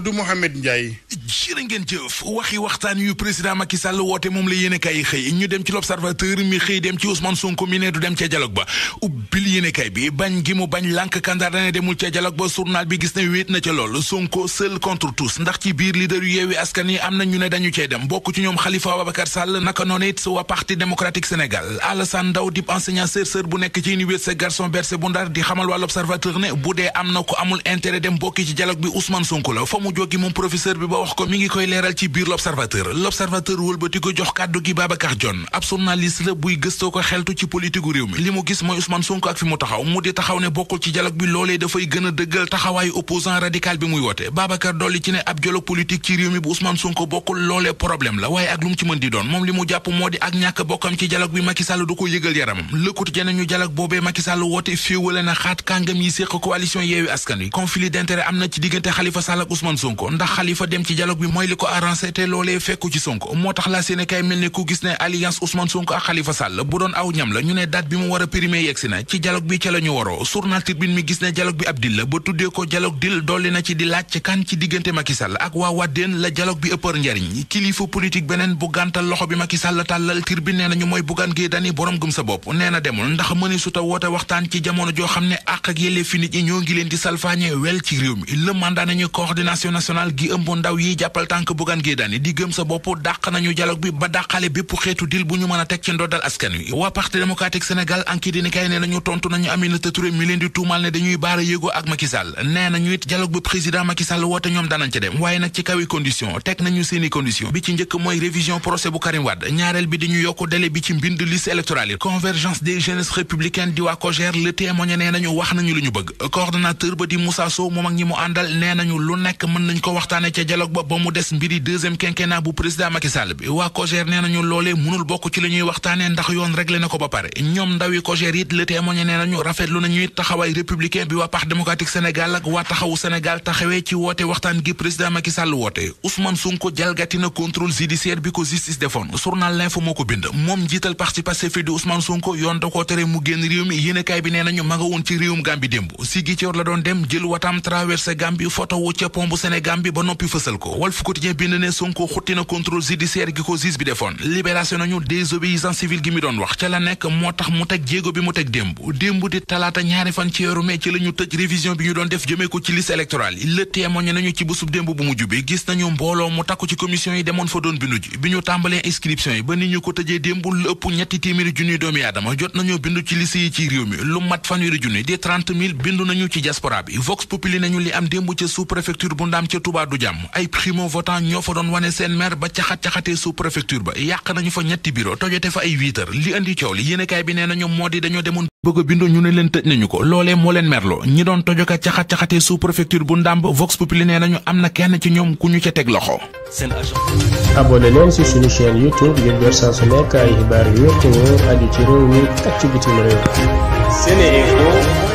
Mamadou Mohamed Ndiaye jërë ngeen jëf waxi waxtaan yu président Macky Sall woote moom la yéene kaay xëy ñu dem ci l'observateur mi xëy dem ci Ousmane Sonko mi ne du dem ca dialogue ba ubbil bi gi mu bañ lànk kandaar ne ba journal bi gis ne wéet na ca lool Sonko seul contre tous ndax ci biir leader yu yeewi askan yi am na ñu ne dañu cey dem bokk ci ñoom Khalifa Ababacar Sall naka noonu it waa parti démocratique Sénégal Alassane Ndaw dib enseignant chercheur bu nekk ci université Gaston Berger bu Ndar di xamal waa l'observateur bi Ousmane Sonko la mu jógi moom professeur bi ba wax ko mi ngi koy leeral ci biir l'observateur l'observateur wëlbati ko jox kàddu gi Babacar John ab journaliste buy gëstoo ko xeltu ci politique réew mi li mu gis mooy bokkul ci a dëggal taxawaayu opposant problème la waaye ak lu mu ci mën di doon moom li mu jàpp moo di ak ñàkk bokkam ci dialogue bi Macky du ko yëgal yaramam lëkkut jene ñu dialogue boobee Macky Sall woote féewale na xaat kàngam yi séq coalition yeewi askan wi conflit d'intérêt am na Sonko ndax Khalifa dem ci dialogue bi mooy li ko arrangé te loolee fekku ci Sonko moo tax la seen kay mel ne ku gis ne alliance Ousmane Sonko ak Khalifa Sall bu doon aw ñam la ñu ne date bi mu war a yegsi na ci dialogue bi ca la waroo journal Tribune mi gis ne dialogue bi ab dil ba tuddee ko dialogue dil dolli na ci di laaj kan ci diggante Macky Sall ak waa Wàddeen la dialogue bi ëppër njariñ kilifa politique beneen bu loxo bi Macky Sall tàllal joo xam ne àq ak yellee fi association nationale gi ëmb ndaw yi jàppal tànk Bougane Gueye di gëm sa bopp dàq nañu dialogue bi ba dàqale bépp xeetu dil bu ñu mën teg ci ndoddal askan wi waa parti démocratique Sénégal enquête dina kay ne nañu tontu nañu Aminata Touré mi leen di tuumal ne dañuy baara yéegoo ak Macky nee nañu it dialogue bi président Macky woote ñoom danañ ca dem waaye nag ci kawi condition teg nañu seeni condition bi ci njëkk mooy révision procès bu Karim Wade mën ko waxtaane ca dialogue ba ba mu des mbiri deuxième quinquennat bu président Macky bi waa COJER nee nañu loolee mënul bokk ci li waxtaane ndax yoon réglé na ko ba pare ñoom ndawi COJER it le témoigné nee nañu rafetlu nañu it taxawaay républicain bi waa Parti démocratique Sénégal ak waa taxawu Sénégal taxawee ci woote waxtaan gi président Macky Sall woote Ousmane Sonko jalgati na contrôle judiciaire bi ko justice defoon journal L'Info moo ko bi Sénégal bi ba nañu ci weeru démb bu mujj bi gis nañu mbooloo mu takku ci commission yi demoon fa doon bindu bi ñu tàmbalee inscription yi ba nit ñu ko tëjee démb ëpp ñetti téeméeri junniy doomi aadama jot nañoo bindu ci liste yi ci réew mi lu mat fanweeri junni di bindu nañu ci diaspora bi vox populi nañu li am démb ca sous préfecture bu daam ca Touba du jàmm ay primo ñoo fa doon wane seen maire ba caxat-caxatee sous préfecture ba yàq nañu fa ñetti bureau tojote fa ay wiitar li andi coow li bi nee na moo di dañoo demoon bëgg a bindu ñu ne leen tëj nañu ko loolee moo leen merloo ñi doon tojoka caxat-caxatee sous préfecture bu ndàmb Vox Populi nee nañu am na kenn ci ñoom ku ñu ca teg loxo seen agent